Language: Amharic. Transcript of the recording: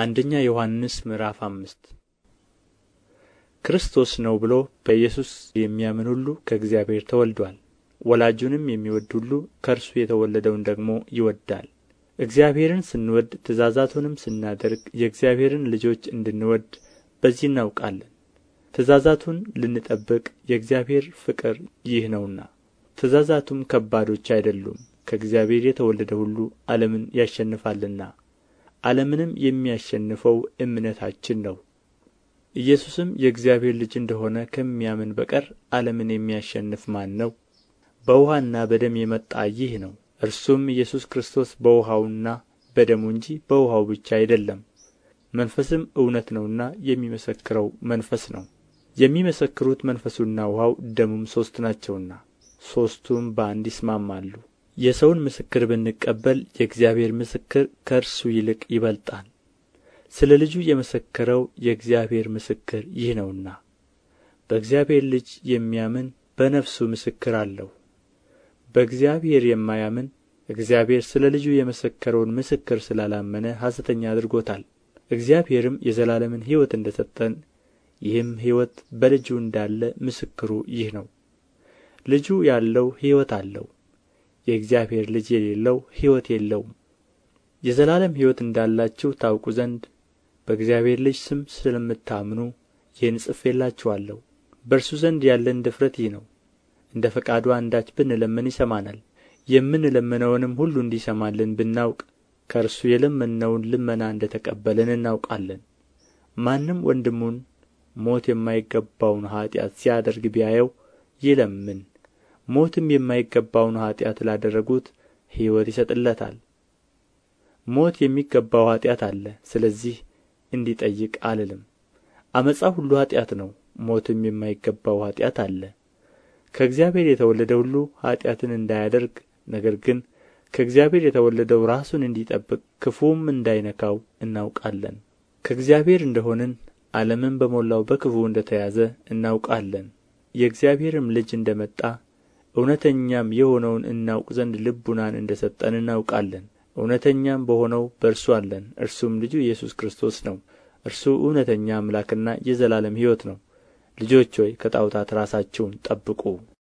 አንደኛ ዮሐንስ ምዕራፍ አምስት ክርስቶስ ነው ብሎ በኢየሱስ የሚያምን ሁሉ ከእግዚአብሔር ተወልዶአል ወላጁንም የሚወድ ሁሉ ከእርሱ የተወለደውን ደግሞ ይወዳል እግዚአብሔርን ስንወድ ትእዛዛቱንም ስናደርግ የእግዚአብሔርን ልጆች እንድንወድ በዚህ እናውቃለን ትእዛዛቱን ልንጠብቅ የእግዚአብሔር ፍቅር ይህ ነውና ትእዛዛቱም ከባዶች አይደሉም ከእግዚአብሔር የተወለደ ሁሉ ዓለምን ያሸንፋልና ዓለምንም የሚያሸንፈው እምነታችን ነው ኢየሱስም የእግዚአብሔር ልጅ እንደ ሆነ ከሚያምን በቀር ዓለምን የሚያሸንፍ ማን ነው በውኃና በደም የመጣ ይህ ነው እርሱም ኢየሱስ ክርስቶስ በውኃውና በደሙ እንጂ በውኃው ብቻ አይደለም መንፈስም እውነት ነውና የሚመሰክረው መንፈስ ነው የሚመሰክሩት መንፈሱና ውኃው ደሙም ሦስት ናቸውና ሦስቱም በአንድ ይስማማሉ የሰውን ምስክር ብንቀበል የእግዚአብሔር ምስክር ከእርሱ ይልቅ ይበልጣል ስለ ልጁ የመሰከረው የእግዚአብሔር ምስክር ይህ ነውና በእግዚአብሔር ልጅ የሚያምን በነፍሱ ምስክር አለው በእግዚአብሔር የማያምን እግዚአብሔር ስለ ልጁ የመሰከረውን ምስክር ስላላመነ ሐሰተኛ አድርጎታል እግዚአብሔርም የዘላለምን ሕይወት እንደ ሰጠን ይህም ሕይወት በልጁ እንዳለ ምስክሩ ይህ ነው ልጁ ያለው ሕይወት አለው የእግዚአብሔር ልጅ የሌለው ሕይወት የለውም የዘላለም ሕይወት እንዳላችሁ ታውቁ ዘንድ በእግዚአብሔር ልጅ ስም ስለምታምኑ ይህን ጽፌላችኋለሁ በእርሱ ዘንድ ያለን ድፍረት ይህ ነው እንደ ፈቃዱ አንዳች ብንለምን ይሰማናል የምንለምነውንም ሁሉ እንዲሰማልን ብናውቅ ከእርሱ የለመንነውን ልመና እንደ ተቀበልን እናውቃለን ማንም ወንድሙን ሞት የማይገባውን ኀጢአት ሲያደርግ ቢያየው ይለምን ሞትም የማይገባውን ኃጢአት ላደረጉት ሕይወት ይሰጥለታል ሞት የሚገባው ኃጢአት አለ ስለዚህ እንዲጠይቅ አልልም ዓመፃ ሁሉ ኃጢአት ነው ሞትም የማይገባው ኃጢአት አለ ከእግዚአብሔር የተወለደ ሁሉ ኃጢአትን እንዳያደርግ ነገር ግን ከእግዚአብሔር የተወለደው ራሱን እንዲጠብቅ ክፉም እንዳይነካው እናውቃለን ከእግዚአብሔር እንደሆንን ዓለምም በሞላው በክፉ እንደ ተያዘ እናውቃለን የእግዚአብሔርም ልጅ እንደ መጣ እውነተኛም የሆነውን እናውቅ ዘንድ ልቡናን እንደ ሰጠን እናውቃለን እውነተኛም በሆነው በእርሱ አለን እርሱም ልጁ ኢየሱስ ክርስቶስ ነው እርሱ እውነተኛ አምላክና የዘላለም ሕይወት ነው ልጆች ሆይ ከጣዖታት ራሳችሁን ጠብቁ